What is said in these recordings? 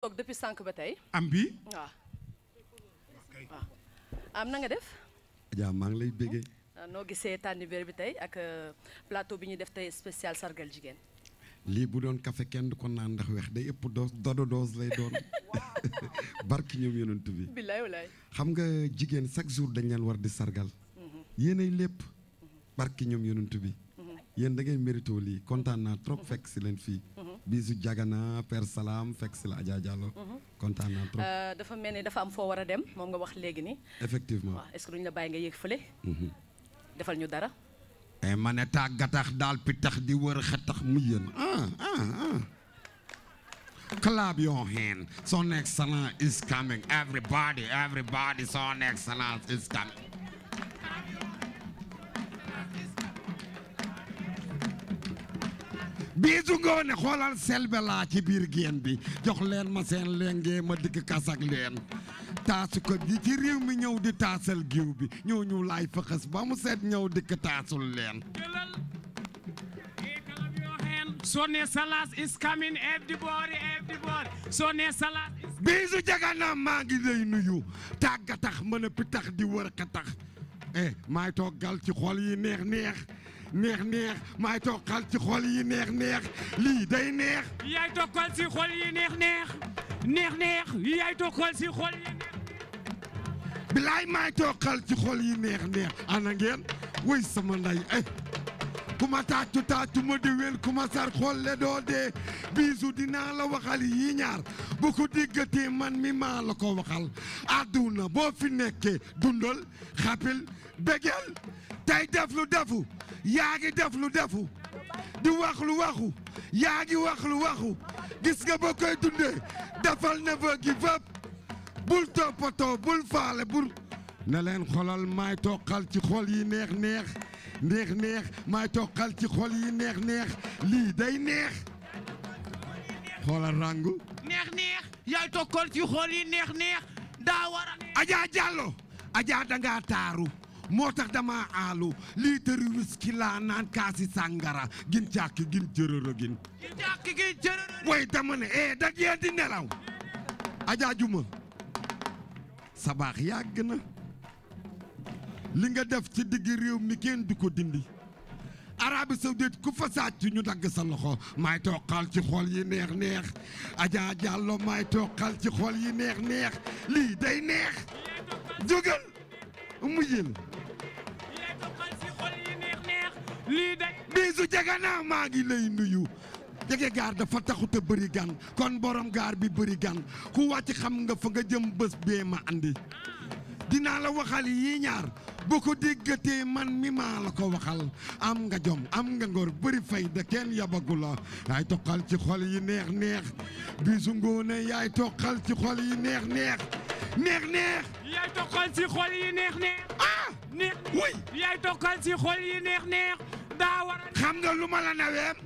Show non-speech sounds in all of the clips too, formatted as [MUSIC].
toog depuis sànq ba tey. am bi waaw. am na nga def. Adja maa ngi lay béggee. Ah, noo gisee tànnibéer bi tey ak euh, plateau bi ñuy def tey spécial sargal jigéen. lii bu doon café kenn du kon naan ndax weex day ëpp doos dodo doos lay doon [LAUGHS] barki ñoom yonent bi. xam nga jigéen chaque jour dañ leen war di sargal. Mhm. yéenay lépp. Mhm. barki ñoom yonent bi. Mhm. yéen da ngay mérito lii kontaan naa trop fekk si leen fii. bisu jagana père salaam fekk si la Adja Diallo. Mhm. kontaan euh, dafa mel ni dafa am foo war a dem moom nga wax léegi ni effectivement waaw est-ce la bàyyi nga yéeg fële. Mhm. defal ñu dara. Eh, ma ne tàggatax daal pi tax di wër xetax mu yéen ah ah ah. clap your hand son excellence is coming everybody everybody son excellence is coming. biisu ngoone xoolal selbe laa ci biir géen bi jox leen ma seen lengee ma dikk kasak leen taasukat yi ci réew mi ñëw di taasal géew bi ñëw ñu laay fëxës ba mu set ñëw dikk taasul leen sonne salas is coming maa ngi lay nuyu tàgga tax mën a pitax di wër ka tax eh toggal ci xool yi neex neex neex neex maay toqal ci xol yi neex neex lii day neex. yaay toqal ci xol yi neex neex neex neex yaay toqal ci xol yi neex. bilaay maay toqal ci xol yi neex neex ana ngeen woy sama nday ay. Eh. ku ma tàccu tàccu di wér ku ma sar xolle doo dee biisu dinaa la waxal yi ñaar bu ko diggatee man mi maa la ko waxal àdduna boo fi nekkee dundal xapil bégel tey def lu defu yaa ngi def lu defu di wax waxu yaa ngi waxu gis nga boo koy dundee defal never give bul toppatoo bul faale bul na leen xolal maay toqal ci xol yi neex neex neex neex maa toqal ci xol yi neex neex lii day neex xoolal rangu neex neex yaay toqal ci xool yi neex neex daa war a Adja Diallo Adja dangaa taaru moo tax dama aalu liitari ci laa naan kaasi sàngara gin càkk gin jërërë gin gin càkk way dama ne ee eh, dajee di nelaw Adja Juma sa baax yàgg na li nga def ci digg réew mi kenn du ko dindi Arabie Saoudite ku fa sàcc ñu dagg sa loxo maay toqal ci xol yi neex neex Adja Diallo ci xol yi neex neex lii day neex jógal mu yël lii day biisu jege naa maa ngi lay nuyu jege gaar dafa taxut a bëri kon borom gaar bi bëri gan ku wàcc xam nga fa nga jëm bés bee ma andi dinaa la waxal yii ñaar bu ko déggatee man mi maa la ko waxal am nga jom am nga ngor bëri fayda kenn yabagu la yaay toqal ci xol yi neex neex ci xol yi neex neex neex neex yaay toqal ci xol yi neex neex ah neex oui yaay toqal ci xol yi neex neex daa war xam lu ma la naweem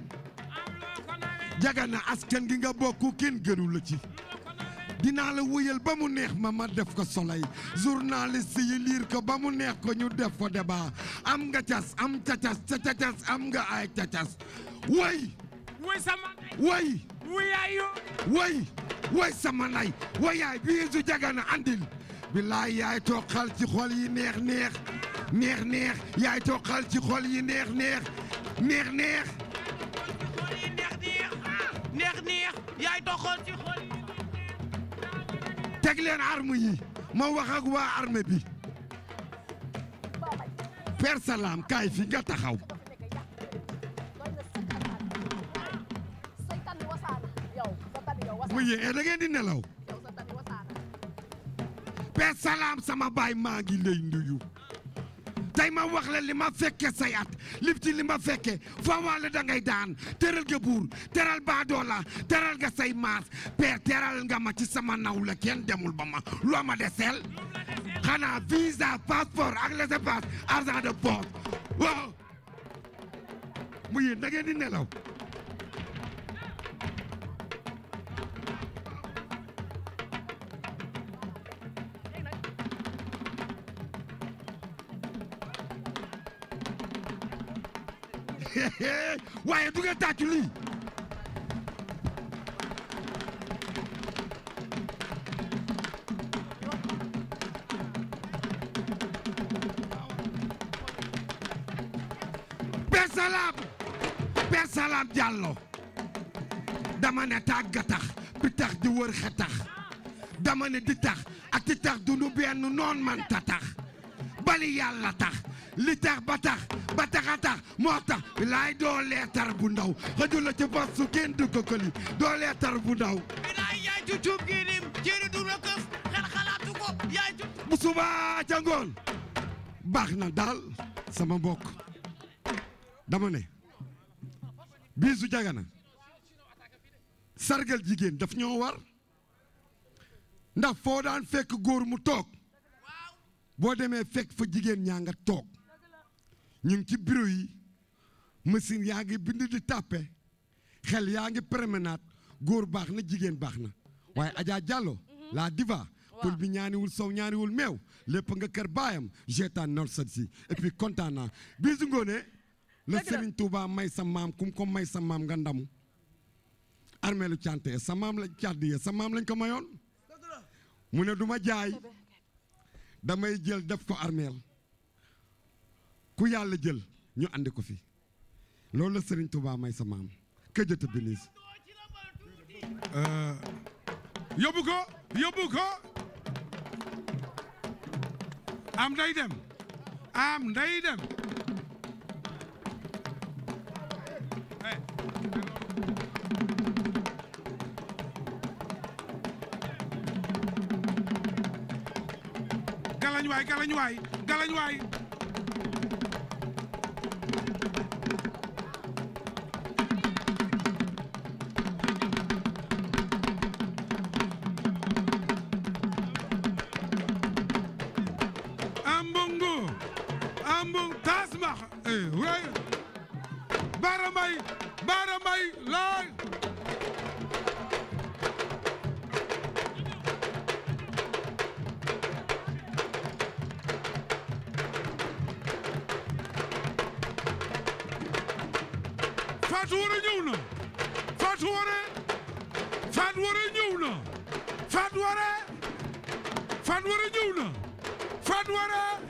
jagana askan gi nga bokk kenn gënu la ci dinaa la wuyal ba mu neex ma ma def ko soleil journaliste yi liir ko ba mu neex ko ñu def ko débat am nga cas am cacas cacacas am nga ay cacas way way sama way wuyaayo way way bii su jagana andil bilaay yaay toqal ci xol yi neex neex neex neex yaay toqal ci xol yi neex neex neex neex teg leen arme yi ma wax waa arme bi Père Salam kaay fi nga taxaw mu yee eh, di nelaw Père Salam sama baay maa ngi lay nuyu tey ma wax la li ma fekke say at li ci ma fekke foo waale da ngay daan teral nga buur baadoola teral nga say maas père nga ma ci sama naw la kenn demul ba ma loo ma deseel xanaa visa passeport ak laissez-passer argent de poche waaw mu yéen da nelaw [LAUGHS] waaye du ngeen tàccu lii per salaam per salaam jàllo dama ne tàgga tax bi di wër dama ne di tax ak di tax du nu noon man bali yàlla tax li tax ba tax moo tax laay doo leetar bu ndaw xëju la ci bas kenn du doo leetar bu ndaw bilaay yaay cu cuub gii du la këf xel ca ngoon baax na daal sama mbokk dama ne Bijou Dagana sargal jigéen daf ñoo war ndax foo daan fekk góor mu toog boo demee fekk fa jigéen ñaa nga toog ñu ngi ci biro yi machine yaa ngi bind di tàppe xel yaa ngi promenade góor baax na jigéen baax na waaye Adja Diallo laa diva pël bi ñaaniwul sow ñaaniwul meew lépp nga kër baayam jeetaan sa sat si et puis kontaan naa Bijou la Serigne Touba may sa maam kum may sa maam nga ndamu armée lu cante sa maam la càdd sa maam lañ ko mayoon mu ne du jaay damay jël def ko armeel ku yàlla jël ñu andi ko fi loolu sëriñ Serigne Touba may sa maam këjëta binis euh, yóbbu ko yóbbu ko am nday dem am nday dem galañ waay galañ waay galañ waay Fatou Waré ñëw na Fatou Waré Fatou Waré ñëw na Fatou Waré Fatou Waré ñëw na Fatou Waré